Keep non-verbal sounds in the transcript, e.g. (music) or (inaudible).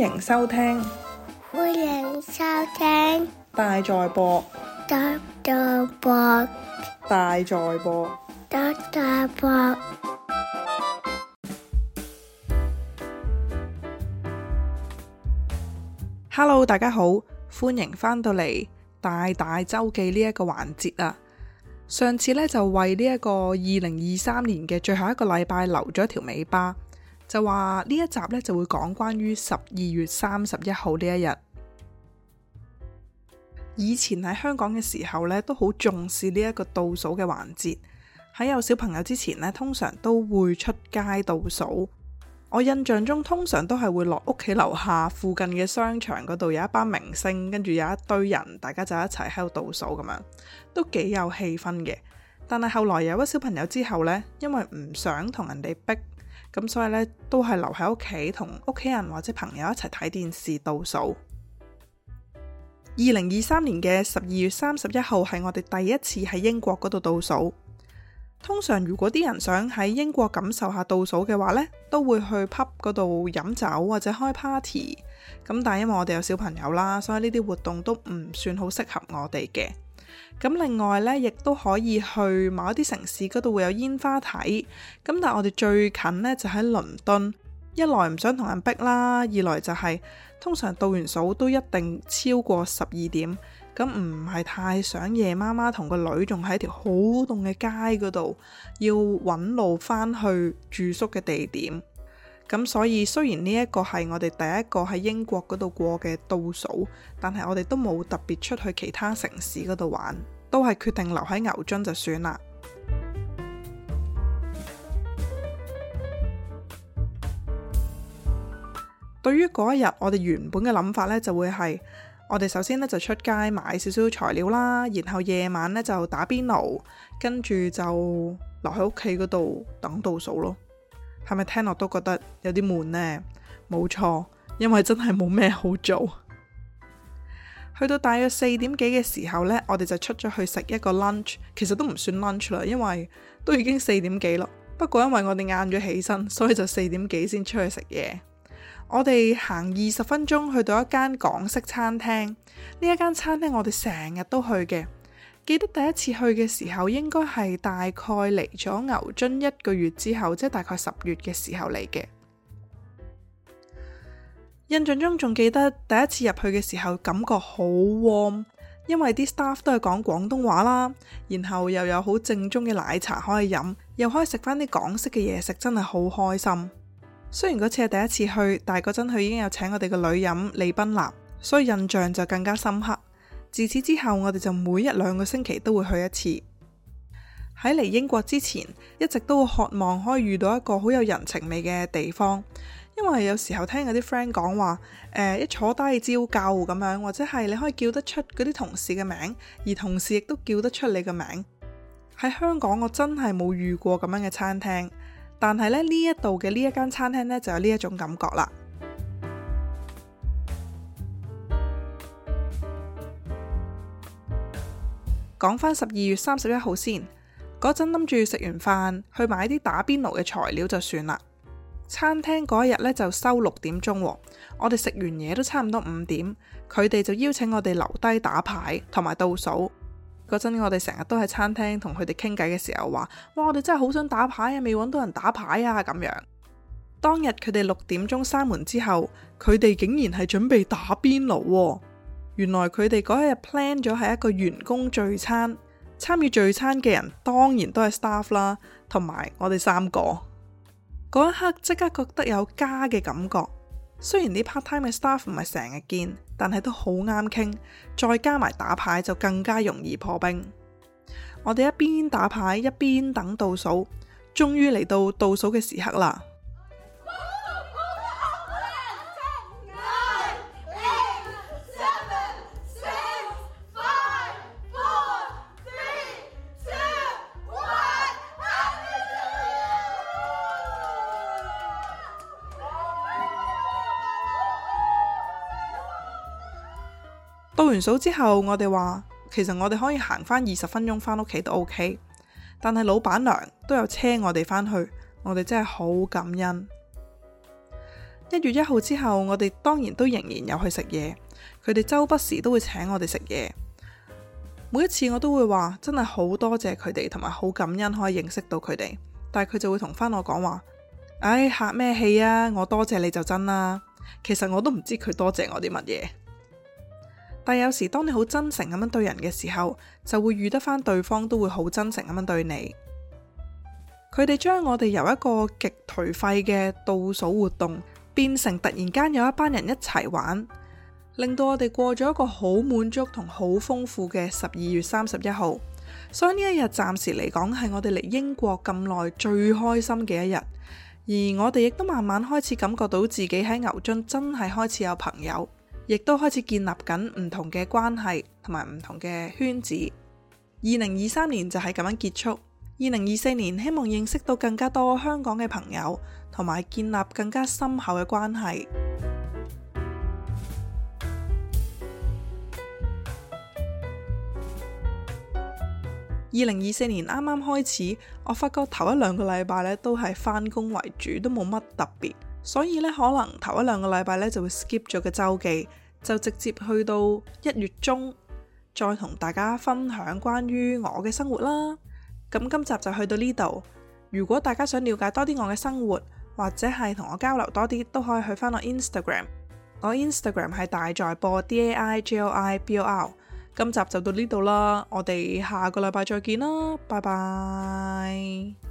歡迎收聽，歡迎收聽，大在播，大在播，Hello，大家好，歡迎返到嚟大大周記呢一個環節啊！上次呢，就為呢一個二零二三年嘅最後一個禮拜留咗一條尾巴。就話呢一集呢，就會講關於十二月三十一號呢一日。以前喺香港嘅時候呢，都好重視呢一個倒數嘅環節。喺有小朋友之前呢，通常都會出街倒數。我印象中通常都係會落屋企樓下附近嘅商場嗰度，有一班明星跟住有一堆人，大家就一齊喺度倒數咁樣，都幾有氣氛嘅。但係後來有咗小朋友之後呢，因為唔想同人哋逼。咁所以咧，都係留喺屋企，同屋企人或者朋友一齊睇電視倒數。二零二三年嘅十二月三十一號係我哋第一次喺英國嗰度倒數。通常如果啲人想喺英國感受下倒數嘅話呢，都會去 pub 嗰度飲酒或者開 party。咁但係因為我哋有小朋友啦，所以呢啲活動都唔算好適合我哋嘅。咁另外咧，亦都可以去某一啲城市嗰度會有煙花睇。咁但係我哋最近咧就喺倫敦，一來唔想同人逼啦，二來就係、是、通常倒完數都一定超過十二點，咁唔係太想夜媽媽同個女仲喺條好凍嘅街嗰度要搵路返去住宿嘅地點。咁所以雖然呢一個係我哋第一個喺英國嗰度過嘅倒數，但係我哋都冇特別出去其他城市嗰度玩，都係決定留喺牛津就算啦。 (music) 對於嗰一日我哋原本嘅諗法呢，就會係我哋首先呢就出街買少少材料啦，然後夜晚呢就打邊爐，跟住就留喺屋企嗰度等倒數咯。係咪聽落都覺得有啲悶呢？冇錯，因為真係冇咩好做。 (laughs) 去到大約四點幾嘅時候呢，我哋就出咗去食一個 lunch，其實都唔算 lunch 啦，因為都已經四點幾咯。不過因為我哋晏咗起身，所以就四點幾先出去食嘢。我哋行二十分鐘去到一間港式餐廳，呢一間餐廳我哋成日都去嘅。記得第一次去嘅時候，應該係大概嚟咗牛津一個月之後，即係大概十月嘅時候嚟嘅。印象中仲記得第一次入去嘅時候，感覺好 warm，因為啲 staff 都係講廣東話啦，然後又有好正宗嘅奶茶可以飲，又可以食翻啲港式嘅嘢食，真係好開心。雖然嗰次係第一次去，但係嗰陣佢已經有請我哋嘅女飲利賓納，所以印象就更加深刻。自此之後，我哋就每一兩個星期都會去一次。喺嚟英國之前，一直都會渴望可以遇到一個好有人情味嘅地方，因為有時候聽嗰啲 friend 講話，誒、呃、一坐低招呼教咁樣，或者係你可以叫得出嗰啲同事嘅名，而同事亦都叫得出你嘅名。喺香港，我真係冇遇過咁樣嘅餐廳，但係咧，呢一度嘅呢一間餐廳咧就有呢一種感覺啦。講返十二月三十一號先，嗰陣諗住食完飯去買啲打邊爐嘅材料就算啦。餐廳嗰一日呢就收六點鐘，我哋食完嘢都差唔多五點，佢哋就邀請我哋留低打牌同埋倒數。嗰陣我哋成日都喺餐廳同佢哋傾偈嘅時候話：哇，我哋真係好想打牌啊，未揾到人打牌啊咁樣。當日佢哋六點鐘閂門之後，佢哋竟然係準備打邊爐。原來佢哋嗰一日 plan 咗係一個員工聚餐，參與聚餐嘅人當然都係 staff 啦，同埋我哋三個。嗰一刻即刻覺得有家嘅感覺。雖然啲 part time 嘅 staff 唔係成日見，但係都好啱傾，再加埋打牌就更加容易破冰。我哋一邊打牌一邊等倒數，終於嚟到倒數嘅時刻啦。倒完數之後，我哋話其實我哋可以行返二十分鐘返屋企都 OK，但係老闆娘都有車我哋返去，我哋真係好感恩。一月一號之後，我哋當然都仍然有去食嘢，佢哋周不時都會請我哋食嘢。每一次我都會話真係好多謝佢哋，同埋好感恩可以認識到佢哋。但係佢就會同返我講話：唉、哎，客咩氣啊？我多謝你就真啦。其實我都唔知佢多謝我啲乜嘢。但有時當你好真誠咁樣對人嘅時候，就會遇得返對方都會好真誠咁樣對你。佢哋將我哋由一個極頹廢嘅倒數活動變成突然間有一班人一齊玩，令到我哋過咗一個好滿足同好豐富嘅十二月三十一號。所以呢一日暫時嚟講係我哋嚟英國咁耐最開心嘅一日。而我哋亦都慢慢開始感覺到自己喺牛津真係開始有朋友。亦都開始建立緊唔同嘅關係同埋唔同嘅圈子。二零二三年就係咁樣結束。二零二四年希望認識到更加多香港嘅朋友，同埋建立更加深厚嘅關係。二零二四年啱啱開始，我發覺頭一兩個禮拜咧都係返工為主，都冇乜特別。所以咧，可能頭一兩個禮拜咧就會 skip 咗個周記，就直接去到一月中，再同大家分享關於我嘅生活啦。咁今集就去到呢度。如果大家想了解多啲我嘅生活，或者係同我交流多啲，都可以去翻我 Instagram。我 Instagram 係大在播 D A I G O I B O R，今集就到呢度啦，我哋下個禮拜再見啦，拜拜。